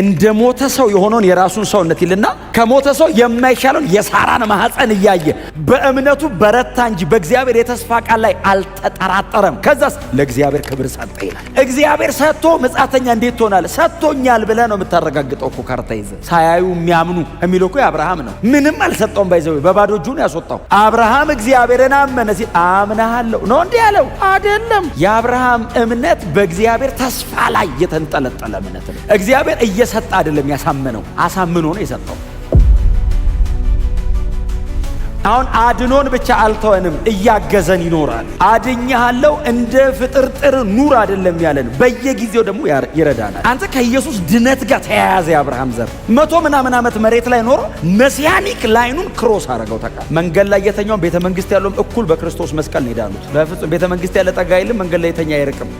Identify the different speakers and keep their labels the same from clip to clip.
Speaker 1: እንደ ሞተ ሰው የሆነውን የራሱን ሰውነት ይልና ከሞተ ሰው የማይሻለውን የሳራን ማህፀን እያየ በእምነቱ በረታ እንጂ በእግዚአብሔር የተስፋ ቃል ላይ አልተጠራጠረም። ከዛስ ለእግዚአብሔር ክብር ሰጠ ይላል። እግዚአብሔር ሰጥቶ መጻተኛ እንዴት ትሆናል? ሰጥቶኛል ብለ ነው የምታረጋግጠው እኮ ካርታ ይዘ ሳያዩ የሚያምኑ የሚለው እኮ የአብርሃም ነው። ምንም አልሰጠውም። ባይዘው በባዶ ያስወጣው። አብርሃም እግዚአብሔርን አመነ ሲል አምናሃለሁ ነው እንዲህ ያለው አደለም። የአብርሃም እምነት በእግዚአብሔር ተስፋ ላይ የተንጠለጠለ እምነት ነው። እግዚአብሔር እየሰጠ አይደለም ያሳመነው፣ አሳምኖ ነው የሰጠው። አሁን አድኖን ብቻ አልተወንም፣ እያገዘን ይኖራል። አድኛሃለው እንደ ፍጥርጥር ኑር አይደለም ያለን፣ በየጊዜው ደግሞ ይረዳናል። አንተ ከኢየሱስ ድነት ጋር ተያያዘ። የአብርሃም ዘር መቶ ምናምን ዓመት መሬት ላይ ኖሮ መሲያኒክ ላይኑን ክሮስ አረገው። ተቃ መንገድ ላይ የተኛውን ቤተ መንግስት ያለውም እኩል በክርስቶስ መስቀል ሄዳሉት። በፍጹም ቤተ መንግስት ያለ ጠጋ የለም፣ መንገድ ላይ የተኛ አይርቅም።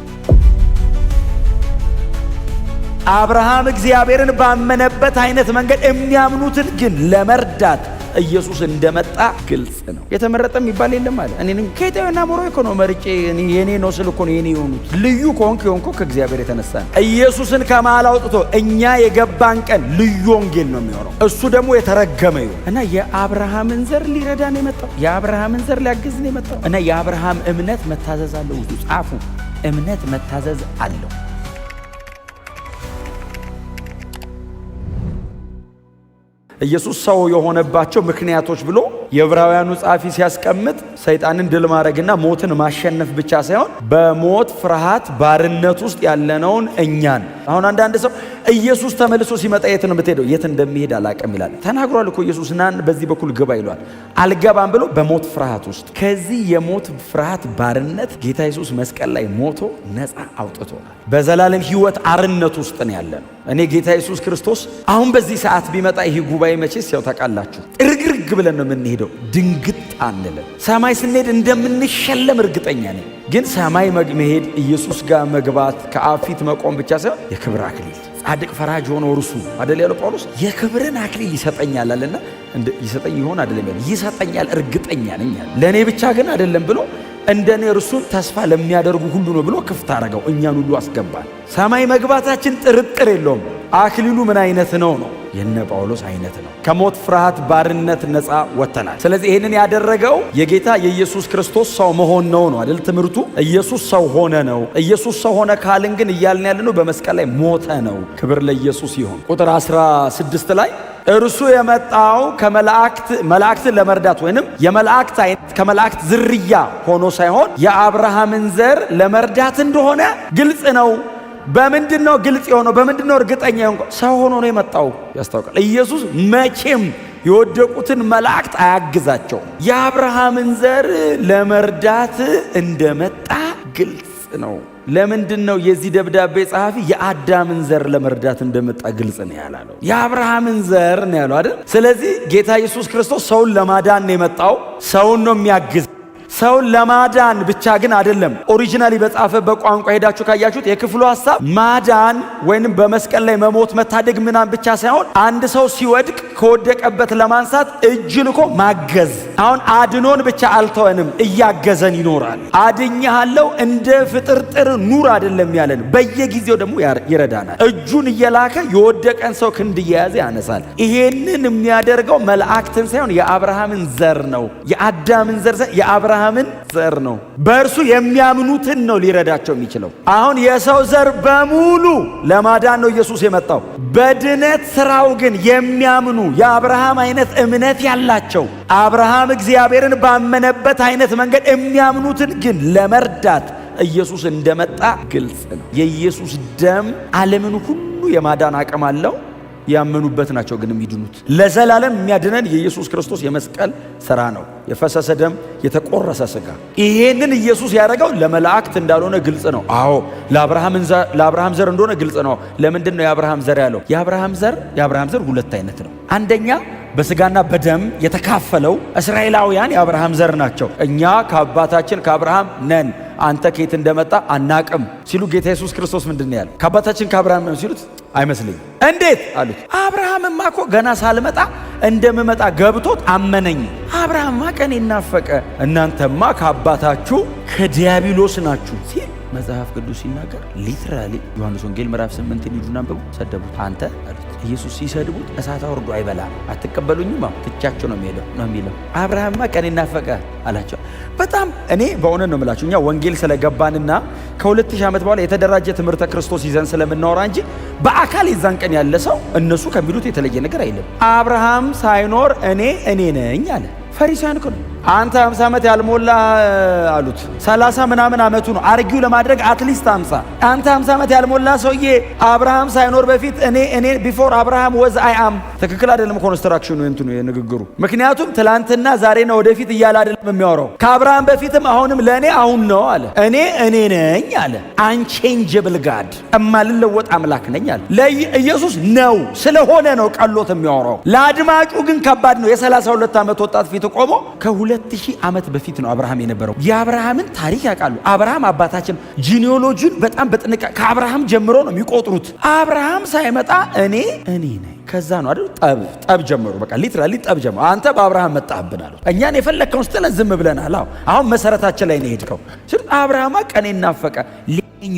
Speaker 1: አብርሃም እግዚአብሔርን ባመነበት አይነት መንገድ የሚያምኑትን ግን ለመርዳት ኢየሱስ እንደመጣ ግልጽ ነው። የተመረጠ የሚባል የለም አለ። እኔ ከኢትዮጵያና ሞሮኮ ነው መርጬ የኔ ነው ስል እኮ ነው የኔ የሆኑት። ልዩ ከሆንክ የሆንኮ ከእግዚአብሔር የተነሳ ነው። ኢየሱስን ከመሃል አውጥቶ እኛ የገባን ቀን ልዩ ወንጌል ነው የሚሆነው። እሱ ደግሞ የተረገመ ይሁን እና የአብርሃምን ዘር ሊረዳ ነው የመጣው። የአብርሃምን ዘር ሊያግዝ ነው የመጣው እና የአብርሃም እምነት መታዘዝ አለው። ጻፉ፣ እምነት መታዘዝ አለው። ኢየሱስ ሰው የሆነባቸው ምክንያቶች ብሎ የዕብራውያኑ ጸሐፊ ሲያስቀምጥ ሰይጣንን ድል ማድረግና ሞትን ማሸነፍ ብቻ ሳይሆን በሞት ፍርሃት ባርነት ውስጥ ያለነውን እኛን። አሁን አንዳንድ ሰው ኢየሱስ ተመልሶ ሲመጣ የት ነው የምትሄደው? የት እንደሚሄድ አላቅም ይላል። ተናግሯል እኮ ኢየሱስ ናን በዚህ በኩል ግባ ይሏል። አልገባም ብሎ በሞት ፍርሃት ውስጥ ከዚህ የሞት ፍርሃት ባርነት ጌታ ኢየሱስ መስቀል ላይ ሞቶ ነፃ አውጥቶ በዘላለም ሕይወት አርነት ውስጥ ነው ያለነው። እኔ ጌታ ኢየሱስ ክርስቶስ አሁን በዚህ ሰዓት ቢመጣ ይሄ ጉባኤ መቼስ ያው ታውቃላችሁ፣ እርግርግ ብለን ነው የምንሄደው። ድንግጥ አንለን። ሰማይ ስንሄድ እንደምንሸለም እርግጠኛ ነኝ። ግን ሰማይ መሄድ ኢየሱስ ጋር መግባት ከአፊት መቆም ብቻ ሳይሆን የክብር አክሊል ጻድቅ ፈራጅ ሆኖ እርሱ አደል ያለው ጳውሎስ የክብርን አክሊል ይሰጠኛል አለና ይሰጠኝ ይሆን አደለም ይሰጠኛል፣ እርግጠኛ ነኝ ለእኔ ብቻ ግን አደለም ብሎ እንደኔ እርሱን ተስፋ ለሚያደርጉ ሁሉ ነው ብሎ ክፍት አረገው። እኛን ሁሉ አስገባል። ሰማይ መግባታችን ጥርጥር የለውም። አክሊሉ ምን አይነት ነው ነው? የነ ጳውሎስ አይነት ነው። ከሞት ፍርሃት ባርነት ነፃ ወጥተናል። ስለዚህ ይህንን ያደረገው የጌታ የኢየሱስ ክርስቶስ ሰው መሆን ነው ነው አይደል? ትምህርቱ ኢየሱስ ሰው ሆነ ነው። ኢየሱስ ሰው ሆነ ካልን ግን እያልን ነው በመስቀል ላይ ሞተ ነው። ክብር ለኢየሱስ ይሁን። ቁጥር 16 ላይ እርሱ የመጣው ከመላእክት መላእክትን ለመርዳት ወይንም የመላእክት አይነት ከመላእክት ዝርያ ሆኖ ሳይሆን የአብርሃምን ዘር ለመርዳት እንደሆነ ግልጽ ነው በምንድን ነው ግልጽ የሆነው? በምንድን ነው እርግጠኛ የሆንከው? ሰው ሆኖ ነው የመጣው ያስታውቃል። ኢየሱስ መቼም የወደቁትን መላእክት አያግዛቸውም። የአብርሃምን ዘር ለመርዳት እንደመጣ ግልጽ ነው። ለምንድን ነው የዚህ ደብዳቤ ጸሐፊ የአዳምን ዘር ለመርዳት እንደመጣ ግልጽ ነው ያላለው? የአብርሃምን ዘር ነው ያለው አይደል? ስለዚህ ጌታ ኢየሱስ ክርስቶስ ሰውን ለማዳን ነው የመጣው። ሰውን ነው የሚያግዝ ሰውን ለማዳን ብቻ ግን አይደለም። ኦሪጂናሊ በጻፈበት ቋንቋ ሄዳችሁ ካያችሁት የክፍሉ ሀሳብ ማዳን ወይንም በመስቀል ላይ መሞት መታደግ ምናምን ብቻ ሳይሆን አንድ ሰው ሲወድቅ ከወደቀበት ለማንሳት እጅ ልኮ ማገዝ። አሁን አድኖን ብቻ አልተወንም፣ እያገዘን ይኖራል። አድኛለው እንደ ፍጥርጥር ኑር አይደለም ያለን፣ በየጊዜው ደግሞ ይረዳናል። እጁን እየላከ የወደቀን ሰው ክንድ እየያዘ ያነሳል። ይሄንን የሚያደርገው መላእክትን ሳይሆን የአብርሃምን ዘር ነው፣ የአዳምን ዘር የአብርሃም የአብርሃምን ዘር ነው፣ በእርሱ የሚያምኑትን ነው ሊረዳቸው የሚችለው። አሁን የሰው ዘር በሙሉ ለማዳን ነው ኢየሱስ የመጣው። በድነት ስራው ግን የሚያምኑ የአብርሃም አይነት እምነት ያላቸው አብርሃም እግዚአብሔርን ባመነበት አይነት መንገድ የሚያምኑትን ግን ለመርዳት ኢየሱስ እንደመጣ ግልጽ ነው። የኢየሱስ ደም ዓለምን ሁሉ የማዳን አቅም አለው። ያመኑበት ናቸው ግን የሚድኑት። ለዘላለም የሚያድነን የኢየሱስ ክርስቶስ የመስቀል ስራ ነው፣ የፈሰሰ ደም፣ የተቆረሰ ስጋ። ይሄንን ኢየሱስ ያደረገው ለመላእክት እንዳልሆነ ግልጽ ነው። አዎ ለአብርሃም ዘር እንደሆነ ግልጽ ነው። ለምንድን ነው የአብርሃም ዘር ያለው? የአብርሃም ዘር የአብርሃም ዘር ሁለት አይነት ነው። አንደኛ በስጋና በደም የተካፈለው እስራኤላውያን የአብርሃም ዘር ናቸው። እኛ ከአባታችን ከአብርሃም ነን አንተ ከየት እንደመጣ አናቅም ሲሉ ጌታ ኢየሱስ ክርስቶስ ምንድን ነው ከአባታችን ከአብርሃም ነው ሲሉት አይመስልኝም። እንዴት አሉት። አብርሃምማ እኮ ገና ሳልመጣ እንደምመጣ ገብቶት አመነኝ። አብርሃምማ ቀን ይናፈቀ፣ እናንተማ ከአባታችሁ ከዲያብሎስ ናችሁ ሲል መጽሐፍ ቅዱስ ሲናገር ሊትራሊ ዮሐንስ ወንጌል ምዕራፍ ስምንት ሂዱና አንብቡ። ሰደቡት። አንተ አሉት ኢየሱስ ሲሰድቡት እሳት አውርዶ አይበላም። አትቀበሉኝም፣ ትቻቸው ነው የሚሄደው ነው የሚለው። አብርሃምማ ቀን ናፈቀ አላቸው። በጣም እኔ በእውነት ነው የምላችሁ እኛ ወንጌል ስለገባንና ከሁለት ሺህ ዓመት በኋላ የተደራጀ ትምህርተ ክርስቶስ ይዘን ስለምናወራ እንጂ በአካል የዛን ቀን ያለ ሰው እነሱ ከሚሉት የተለየ ነገር አይልም። አብርሃም ሳይኖር እኔ እኔ ነኝ አለ። ፈሪሳውያን እኮ ነው። አንተ 50 ዓመት ያልሞላ አሉት። 30 ምናምን ዓመቱ ነው አርጊው ለማድረግ አትሊስት 50 አንተ 50 ዓመት ያልሞላ ሰውዬ አብርሃም ሳይኖር በፊት እኔ እኔ ቢፎር አብርሃም ወዝ አይ አም ትክክል አይደለም። ኮንስትራክሽኑ እንትኑ የንግግሩ ምክንያቱም ትላንትና ዛሬና ወደፊት እያለ አይደለም የሚያወራው ከአብርሃም በፊትም አሁንም ለእኔ አሁን ነው አለ። እኔ እኔ ነኝ አለ። አንቼንጀብል ጋድ እማልለወጥ አምላክ ነኝ አለ። ለኢየሱስ ነው ስለሆነ ነው ቀሎት የሚያወራው። ለአድማጩ ግን ከባድ ነው። የ32 ዓመት ወጣት ፊት ፊት ቆሞ ከሁለት ሺህ ዓመት በፊት ነው አብርሃም የነበረው። የአብርሃምን ታሪክ ያውቃሉ። አብርሃም አባታችን ጂኒዮሎጂን በጣም በጥንቃቄ ከአብርሃም ጀምሮ ነው የሚቆጥሩት። አብርሃም ሳይመጣ እኔ እኔ ነኝ። ከዛ ነው አይደል ጠብ ጠብ ጀመሩ። በቃ ሊትራሊ ጠብ ጀመሩ። አንተ በአብርሃም መጣህብን አሉት። እኛን የፈለግከውን ስትለን ዝም ብለናል። አሁን መሰረታችን ላይ ነው የሄድከው። አብርሃማ ቀኔ እናፈቀ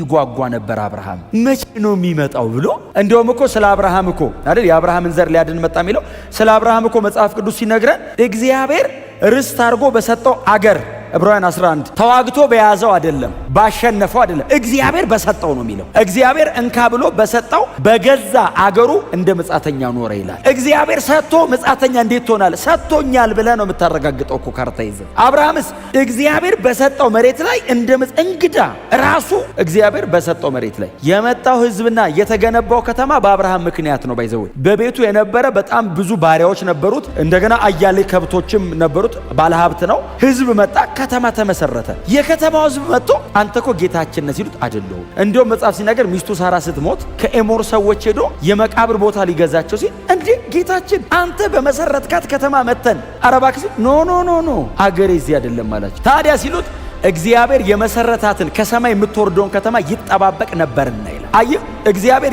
Speaker 1: ይጓጓ ነበር አብርሃም መቼ ነው የሚመጣው ብሎ እንደውም እኮ ስለ አብርሃም እኮ አይደል የአብርሃምን ዘር ሊያድን መጣ የሚለው ስለ አብርሃም እኮ መጽሐፍ ቅዱስ ሲነግረን እግዚአብሔር ርስት አድርጎ በሰጠው አገር ዕብራውያን 11 ተዋግቶ በያዘው አይደለም፣ ባሸነፈው አይደለም፣ እግዚአብሔር በሰጠው ነው የሚለው። እግዚአብሔር እንካ ብሎ በሰጠው በገዛ አገሩ እንደ መጻተኛ ኖረ ይላል። እግዚአብሔር ሰጥቶ መጻተኛ እንዴት ትሆናለህ? ሰጥቶኛል ብለህ ነው የምታረጋግጠው እኮ ካርታ ይዘህ። አብርሃምስ እግዚአብሔር በሰጠው መሬት ላይ እንደ እንግዳ ራሱ እግዚአብሔር በሰጠው መሬት ላይ የመጣው ህዝብና የተገነባው ከተማ በአብርሃም ምክንያት ነው። ባይዘው በቤቱ የነበረ በጣም ብዙ ባሪያዎች ነበሩት። እንደገና አያሌ ከብቶችም ነበሩት። ባለሀብት ነው። ህዝብ መጣ ከተማ ተመሰረተ። የከተማው ህዝብ መጥቶ አንተ ኮ ጌታችን ነህ ሲሉት አይደለሁም። እንዲሁም መጽሐፍ ሲናገር ሚስቱ ሳራ ስትሞት ከኤሞር ሰዎች ሄዶ የመቃብር ቦታ ሊገዛቸው ሲል እንዴ ጌታችን አንተ በመሰረትካት ከተማ መተን አረባክ ሲል ኖ ኖ ኖ ኖ አገሬ እዚህ አይደለም አላቸው። ታዲያ ሲሉት እግዚአብሔር የመሰረታትን ከሰማይ የምትወርደውን ከተማ ይጠባበቅ ነበርና ይላል። አየህ እግዚአብሔር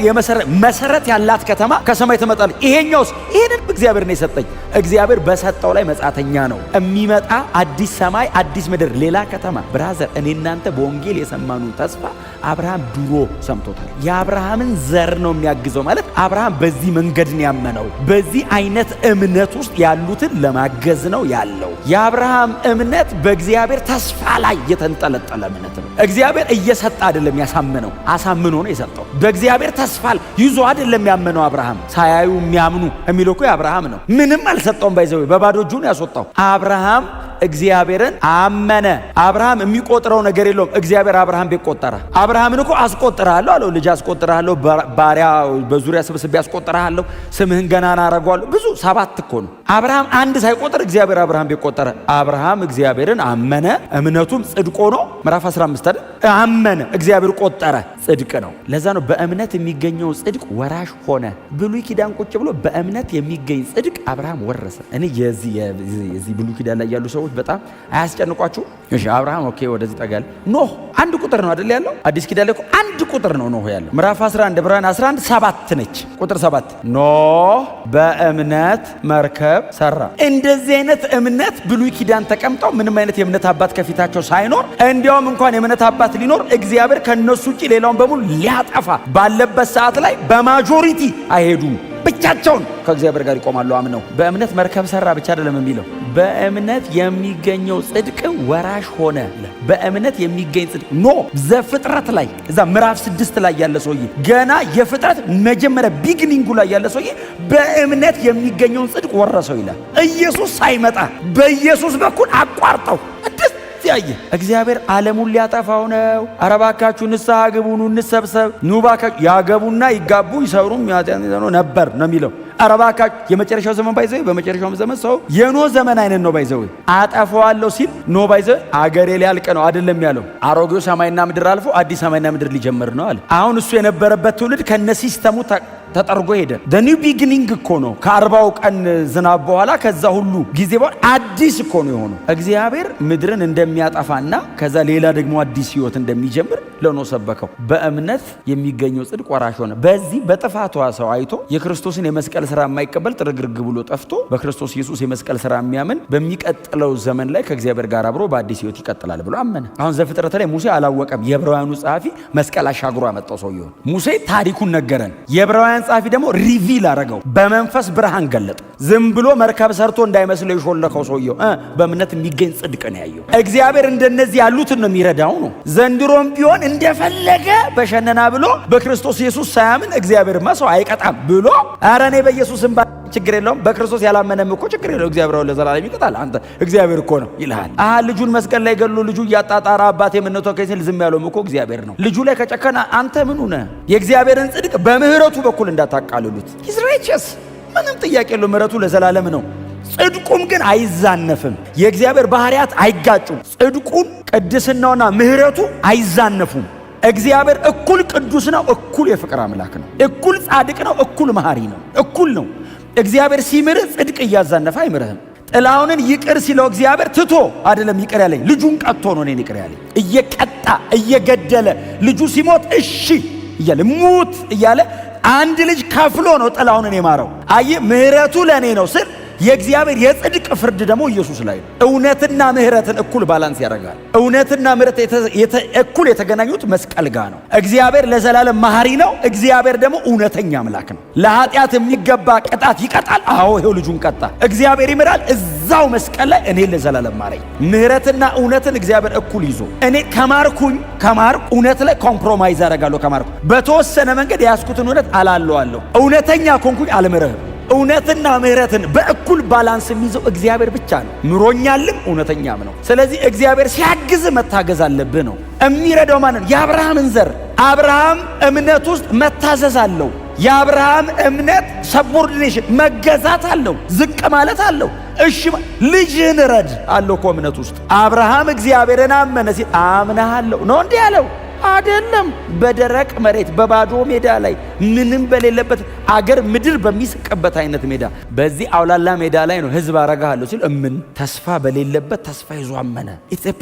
Speaker 1: መሰረት ያላት ከተማ ከሰማይ ትመጣለች። ይሄኛውስ ይሄንን እግዚአብሔር ነው የሰጠኝ። እግዚአብሔር በሰጠው ላይ መጻተኛ ነው። የሚመጣ አዲስ ሰማይ፣ አዲስ ምድር፣ ሌላ ከተማ። ብራዘር፣ እኔ እናንተ በወንጌል የሰማኑ ተስፋ አብርሃም ድሮ ሰምቶታል። የአብርሃምን ዘር ነው የሚያግዘው ማለት አብርሃም በዚህ መንገድ ነው ያመነው። በዚህ አይነት እምነት ውስጥ ያሉትን ለማገዝ ነው ያለው። የአብርሃም እምነት በእግዚአብሔር ተስፋ ላይ የተንጠለጠለ እምነት ነው። እግዚአብሔር እየሰጠ አይደለም ያሳምነው፣ አሳምኖ ነው የሰጠው። በእግዚአብሔር ተስፋ ይዞ አይደለም ያመነው አብርሃም። ሳያዩ የሚያምኑ የሚለው እኮ አብርሃም ነው። ምንም አልሰጠውም። ባይዘው በባዶ እጁ ያስወጣው። አብርሃም እግዚአብሔርን አመነ። አብርሃም የሚቆጥረው ነገር የለውም። እግዚአብሔር አብርሃም ቤት ቆጠረ። አብርሃምን እኮ አስቆጥርሃለሁ አለው። ልጅ አስቆጥርሃለሁ፣ ባሪያ በዙሪያ ስብስቤ አስቆጥርሃለሁ፣ ስምህን ገናና አረጓለሁ። ብዙ ሰባት እኮ ነው። አብርሃም አንድ ሳይቆጥር እግዚአብሔር አብርሃም ቤት ቆጠረ። አብርሃም እግዚአብሔርን አመነ፣ እምነቱም ጽድቆ ነው። ምዕራፍ 15 አይደል አመነ፣ እግዚአብሔር ቆጠረ፣ ጽድቅ ነው። ለዛ ነው በእምነት የሚገኘው ጽድቅ ወራሽ ሆነ። ብሉይ ኪዳን ቁጭ ብሎ በእምነት የሚገኝ ጽድቅ አብርሃም ወረሰ። እኔ የዚህ ብሉይ ኪዳን ላይ ያሉ ሰዎች በጣም አያስጨንቋችሁ። እሺ አብርሃም ኦኬ፣ ወደዚህ ጠጋል። ኖህ አንድ ቁጥር ነው አይደል ያለው? አዲስ ኪዳን ላይ አንድ ቁጥር ነው ኖህ ያለው። ምዕራፍ 11 ዕብራውያን 11 ሰባት ነች ቁጥር ሰባት ኖህ በእምነት መርከብ ሰራ። እንደዚህ አይነት እምነት ብሉይ ኪዳን ተቀምጠው ምንም አይነት የእምነት አባት ከፊታቸው ሳይኖር እንዲያውም እንኳን የእምነት አባት መጥፋት ሊኖር እግዚአብሔር ከነሱ ውጭ ሌላውን በሙሉ ሊያጠፋ ባለበት ሰዓት ላይ በማጆሪቲ አይሄዱም። ብቻቸውን ከእግዚአብሔር ጋር ይቆማሉ። አምነው በእምነት መርከብ ሰራ ብቻ አይደለም የሚለው በእምነት የሚገኘው ጽድቅ ወራሽ ሆነ። በእምነት የሚገኝ ጽድቅ ኖ ዘፍጥረት ላይ እዛ ምዕራፍ ስድስት ላይ ያለ ሰውዬ ገና የፍጥረት መጀመሪያ ቢግኒንጉ ላይ ያለ ሰውዬ በእምነት የሚገኘውን ጽድቅ ወረሰው ይላል። ኢየሱስ ሳይመጣ በኢየሱስ በኩል አቋርጠው ያየ እግዚአብሔር ዓለሙን ሊያጠፋው ነው። አረባካችሁ ንስሐ ግቡኑ እንሰብሰብ ኑባካችሁ ያገቡና ይጋቡ ይሰሩም ነበር ነው የሚለው አረባካ የመጨረሻው ዘመን ባይዘ በመጨረሻው ዘመን ሰው የኖ ዘመን አይነት ነው ባይዘ አጠፋዋለሁ ሲል ኖ ባይዘ አገሬ ሊያልቅ ነው አይደለም ያለው። አሮጌው ሰማይና ምድር አልፎ አዲስ ሰማይና ምድር ሊጀምር ነው አለ። አሁን እሱ የነበረበት ትውልድ ከነ ሲስተሙ ተጠርጎ ሄደ። ኒው ቢግኒንግ እኮ ነው። ከአርባው ቀን ዝናብ በኋላ ከዛ ሁሉ ጊዜ በኋላ አዲስ እኮ ነው የሆነው። እግዚአብሔር ምድርን እንደሚያጠፋና ከዛ ሌላ ደግሞ አዲስ ህይወት እንደሚጀምር ለኖ ሰበከው። በእምነት የሚገኘው ጽድቅ ወራሽ ሆነ። በዚህ በጥፋቷ ሰው አይቶ የክርስቶስን የመስቀል ስራ የማይቀበል ጥርግርግ ብሎ ጠፍቶ በክርስቶስ ኢየሱስ የመስቀል ስራ የሚያምን በሚቀጥለው ዘመን ላይ ከእግዚአብሔር ጋር አብሮ በአዲስ ህይወት ይቀጥላል ብሎ አመነ። አሁን ዘፍጥረት ላይ ሙሴ አላወቀም። የዕብራውያኑ ጸሐፊ መስቀል አሻግሮ አመጣው ሰውየውን። ሙሴ ታሪኩን ነገረን። የዕብራውያን ጸሐፊ ደግሞ ሪቪል አረገው፣ በመንፈስ ብርሃን ገለጠው። ዝም ብሎ መርከብ ሰርቶ እንዳይመስለው የሾለከው ሰውየው በእምነት የሚገኝ ጽድቅ ነው ያየው። እግዚአብሔር እንደነዚህ ያሉትን ነው የሚረዳው ነው። ዘንድሮም ቢሆን እንደፈለገ በሸነና ብሎ በክርስቶስ ኢየሱስ ሳያምን እግዚአብሔርማ ሰው አይቀጣም ብሎ አረኔ እኔ በኢየሱስ እንባ ችግር የለውም በክርስቶስ ያላመነም እኮ ችግር የለው እግዚአብሔር ለዘላለም ይቀጣል። አንተ እግዚአብሔር እኮ ነው ይልሃል። አሀ ልጁን መስቀል ላይ ገሎ ልጁ እያጣጣራ አባት የምነቶ ከሲል ዝም ያለውም እኮ እግዚአብሔር ነው። ልጁ ላይ ከጨከነ አንተ ምኑ ነህ? የእግዚአብሔርን ጽድቅ በምህረቱ በኩል እንዳታቃልሉት ሂዝ ራይቸስ ምንም ጥያቄ የለው። ምሕረቱ ለዘላለም ነው። ጽድቁም ግን አይዛነፍም። የእግዚአብሔር ባህርያት አይጋጩም። ጽድቁን፣ ቅድስናውና ምሕረቱ አይዛነፉም። እግዚአብሔር እኩል ቅዱስ ነው፣ እኩል የፍቅር አምላክ ነው፣ እኩል ጻድቅ ነው፣ እኩል መሐሪ ነው፣ እኩል ነው። እግዚአብሔር ሲምርህ ጽድቅ እያዛነፈ አይምርህም። ጥላውንን ይቅር ሲለው እግዚአብሔር ትቶ አይደለም ይቅር ያለኝ፣ ልጁን ቀጥቶ ነው እኔን ይቅር ያለኝ። እየቀጣ እየገደለ ልጁ ሲሞት እሺ እያለ ሙት እያለ አንድ ልጅ ከፍሎ ነው ጥላሁንን የማረው። አይ ምህረቱ ለእኔ ነው ስል የእግዚአብሔር የጽድቅ ፍርድ ደግሞ ኢየሱስ ላይ ነው። እውነትና ምህረትን እኩል ባላንስ ያደርጋል። እውነትና ምህረት እኩል የተገናኙት መስቀል ጋ ነው። እግዚአብሔር ለዘላለም መሐሪ ነው። እግዚአብሔር ደግሞ እውነተኛ አምላክ ነው። ለኃጢአት የሚገባ ቅጣት ይቀጣል። አዎ ይሄው ልጁን ቀጣ። እግዚአብሔር ይምራል። በዛው መስቀል ላይ እኔ ለዘላለም ማረኝ። ምህረትና እውነትን እግዚአብሔር እኩል ይዞ እኔ ከማርኩኝ ከማርኩ እውነት ላይ ኮምፕሮማይዝ አደርጋለሁ። ከማርኩ በተወሰነ መንገድ የያዝኩትን እውነት አላለዋለሁ። እውነተኛ ኮንኩኝ አልምርህም። እውነትና ምህረትን በእኩል ባላንስ የሚይዘው እግዚአብሔር ብቻ ነው። ምሮኛልም እውነተኛም ነው። ስለዚህ እግዚአብሔር ሲያግዝ መታገዝ አለብህ ነው። የሚረዳው ማንን? የአብርሃምን ዘር። አብርሃም እምነት ውስጥ መታዘዝ አለው። የአብርሃም እምነት ሰቦርዲኔሽን መገዛት አለው፣ ዝቅ ማለት አለው። እሺ ልጅህን ረድ አለው እኮ እምነት ውስጥ አብርሃም እግዚአብሔርን አመነ ሲል አምናሃለሁ ነው እንዲህ ያለው። አይደለም። በደረቅ መሬት በባዶ ሜዳ ላይ ምንም በሌለበት አገር ምድር በሚስቅበት አይነት ሜዳ በዚህ አውላላ ሜዳ ላይ ነው ህዝብ አረጋለሁ ሲል እምን ተስፋ በሌለበት ተስፋ ይዞ አመነ።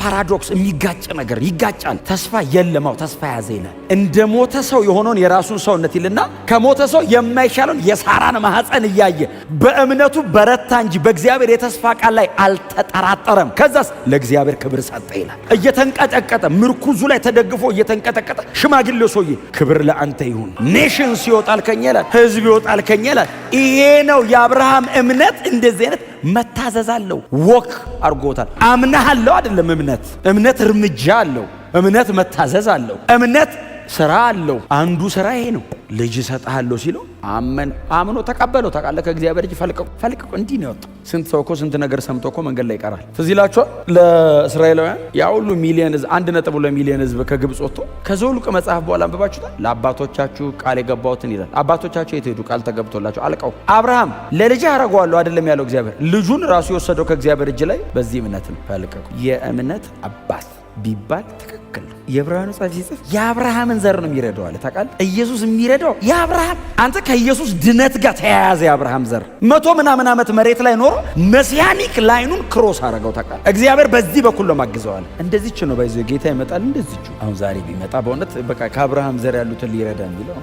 Speaker 1: ፓራዶክስ የሚጋጭ ነገር ይጋጫል። ተስፋ የለማው ተስፋ ያዘ ይላል። እንደ ሞተ ሰው የሆነውን የራሱን ሰውነት ይልና ከሞተ ሰው የማይሻለውን የሳራን ማህፀን እያየ በእምነቱ በረታ እንጂ በእግዚአብሔር የተስፋ ቃል ላይ አልተጠራጠረም። ከዛስ ለእግዚአብሔር ክብር ሰጠ ይላል። እየተንቀጠቀጠ ምርኩዙ ላይ ተደግፎ ተንቀጠቀጠ ሽማግሌው ሰውዬ ክብር ለአንተ ይሁን። ኔሽንስ ይወጣል ከኛ ይላል፣ ህዝብ ይወጣል ከኛ ይላል። ይሄ ነው የአብርሃም እምነት። እንደዚህ አይነት መታዘዝ አለው። ወክ አድርጎታል። አምናህ አለው አይደለም። እምነት እምነት እርምጃ አለው። እምነት መታዘዝ አለው። እምነት ስራ አለው። አንዱ ስራ ይሄ ነው። ልጅ እሰጥሃለሁ ሲለው አመን አምኖ ተቀበለው። ታውቃለህ ከእግዚአብሔር እጅ ፈልቀቁ ፈልቀቁ እንዲህ ነው ያወጣው። ስንት ሰው እኮ ስንት ነገር ሰምቶ እኮ መንገድ ላይ ይቀራል። ትዝ ይላችኋል ለእስራኤላውያን ያ ሁሉ ሚሊዮን ህዝብ አንድ ነጥብ ሁለት ሚሊዮን ህዝብ ከግብፅ ወጥቶ ከዘኍልቍ መጽሐፍ በኋላ አንብባችሁታል። ለአባቶቻችሁ ቃል የገባሁትን ይላል። አባቶቻችሁ የት ሄዱ? ቃል ተገብቶላቸው አልቀው። አብርሃም ለልጅ አረገዋለሁ አይደለም ያለው እግዚአብሔር። ልጁን ራሱ የወሰደው ከእግዚአብሔር እጅ ላይ በዚህ እምነት ነው። ፈልቀቁ የእምነት አባት ቢባል ትክክል የዕብራውያኑ ጻፊ ሲጽፍ የአብርሃምን ዘር ነው የሚረዳው አለ። ታውቃለህ ኢየሱስ የሚረዳው የአብርሃም አንተ ከኢየሱስ ድነት ጋር ተያያዘ። የአብርሃም ዘር መቶ ምናምን ዓመት መሬት ላይ ኖሮ መስያኒክ ላይኑን ክሮስ አረገው። ታውቃለህ እግዚአብሔር በዚህ በኩል ነው ማግዘዋል። እንደዚች ነው ባይዞ ጌታ ይመጣል። እንደዚች አሁን ዛሬ ቢመጣ በእውነት በቃ ከአብርሃም ዘር ያሉትን ሊረዳ የሚለው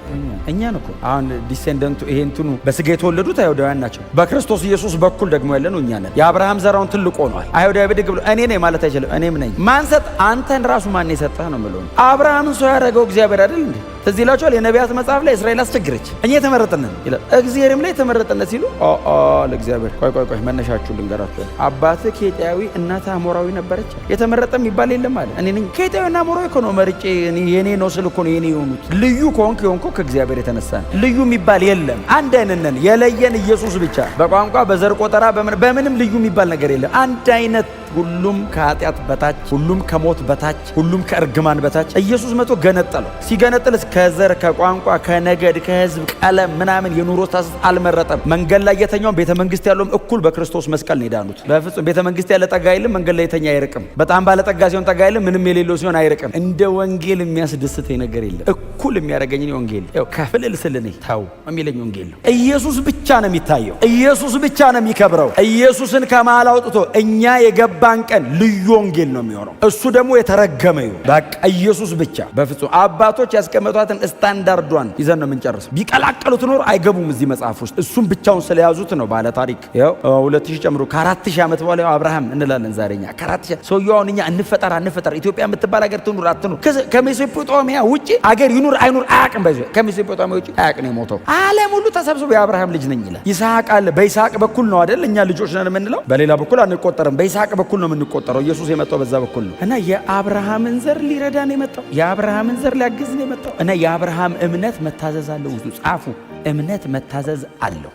Speaker 1: እኛን እኮ አሁን ዲሴንደንቱ ይሄ እንትኑ በስጋ የተወለዱት አይሁዳውያን ናቸው። በክርስቶስ ኢየሱስ በኩል ደግሞ ያለ ነው እኛ ነን። የአብርሃም ዘራውን ትልቅ ሆኗል። አይሁዳዊ ብድግ ብሎ እኔ ነኝ ማለት አይችልም። እኔም ነኝ ማንሰጥ አንተን ራሱ ማን የሰጠህ ነው ነው የምለው። አብርሃምን ሰው ያደረገው እግዚአብሔር አይደል እንዴ? እዚህ ይላቸዋል። የነቢያት መጽሐፍ ላይ እስራኤል አስቸግረች፣ እኛ የተመረጥንን ይላል። እግዚአብሔርም ላይ የተመረጠነ ሲሉ ለእግዚአብሔር ቆይ ቆይ ቆይ መነሻችሁ ልንገራችሁ። አባትህ ኬጢያዊ እናትህ አሞራዊ ነበረች። የተመረጠ የሚባል የለም አለ። እኔ ነኝ ኬጢያዊና አሞራዊ እኮ ነው መርጬ የኔ ነው ስል እኮ ነው የኔ የሆኑት። ልዩ ከሆንክ የሆንከው ከእግዚአብሔር የተነሳ ልዩ የሚባል የለም። አንድ አይነነን የለየን ኢየሱስ ብቻ። በቋንቋ በዘር ቆጠራ በምንም ልዩ የሚባል ነገር የለም። አንድ አይነት ሁሉም ከኃጢአት በታች ሁሉም ከሞት በታች ሁሉም ከእርግማን በታች። ኢየሱስ መቶ ገነጠለው። ሲገነጥል እስከ ከዘር ከቋንቋ ከነገድ ከህዝብ ቀለም ምናምን የኑሮ ስታስት አልመረጠም። መንገድ ላይ የተኛውም ቤተ መንግስት ያለውም እኩል በክርስቶስ መስቀል ነው የዳኑት። በፍጹም ቤተ መንግስት ያለ ጠጋ አይልም፣ መንገድ ላይ የተኛ አይርቅም። በጣም ባለጠጋ ሲሆን ጠጋ አይልም፣ ምንም የሌለው ሲሆን አይርቅም። እንደ ወንጌል የሚያስደስት ነገር የለም። እኩል የሚያደርገኝ ወንጌል ከፍልል ስልኔ ታው የሚለኝ ወንጌል ነው። ኢየሱስ ብቻ ነው የሚታየው። ኢየሱስ ብቻ ነው የሚከብረው። ኢየሱስን ከመሃል አውጥቶ እኛ የገባን ቀን ልዩ ወንጌል ነው የሚሆነው። እሱ ደግሞ የተረገመ ይሁን በቃ ኢየሱስ ብቻ በፍጹም አባቶች ያስቀመጡ የራሷትን ስታንዳርዷን ይዘን ነው የምንጨርሰው። ቢቀላቀሉት ኖሮ አይገቡም እዚህ መጽሐፍ ውስጥ። እሱም ብቻውን ስለያዙት ነው ባለ ታሪክ ይኸው ሁለት ሺህ ጨምሮ ከአራት ሺህ ዓመት በኋላ አብርሃም እንላለን ዛሬኛ ከአራት ሺህ ሰውየውን እኛ እንፈጠር አንፈጠር ኢትዮጵያ የምትባል ሀገር ትኑር አትኑር ከሜሶፖጣሚያ ውጭ አገር ይኑር አይኑር አያቅም። በዚ ከሜሶፖጣሚያ ውጭ አያቅ ነው የሞተው። አለም ሁሉ ተሰብስቦ የአብርሃም ልጅ ነኝ ይላል። ይስሐቅ አለ። በይስሐቅ በኩል ነው አደል እኛ ልጆች ነን የምንለው። በሌላ በኩል አንቆጠርም። በይስሐቅ በኩል ነው የምንቆጠረው። ኢየሱስ የመጣው በዛ በኩል ነው እና የአብርሃምን ዘር ሊረዳ ነው የመጣው የአብርሃምን ዘር ሊያግዝ ነው የመጣው የአብርሃም እምነት መታዘዝ አለው። ውስጡ ጻፉ። እምነት መታዘዝ አለው።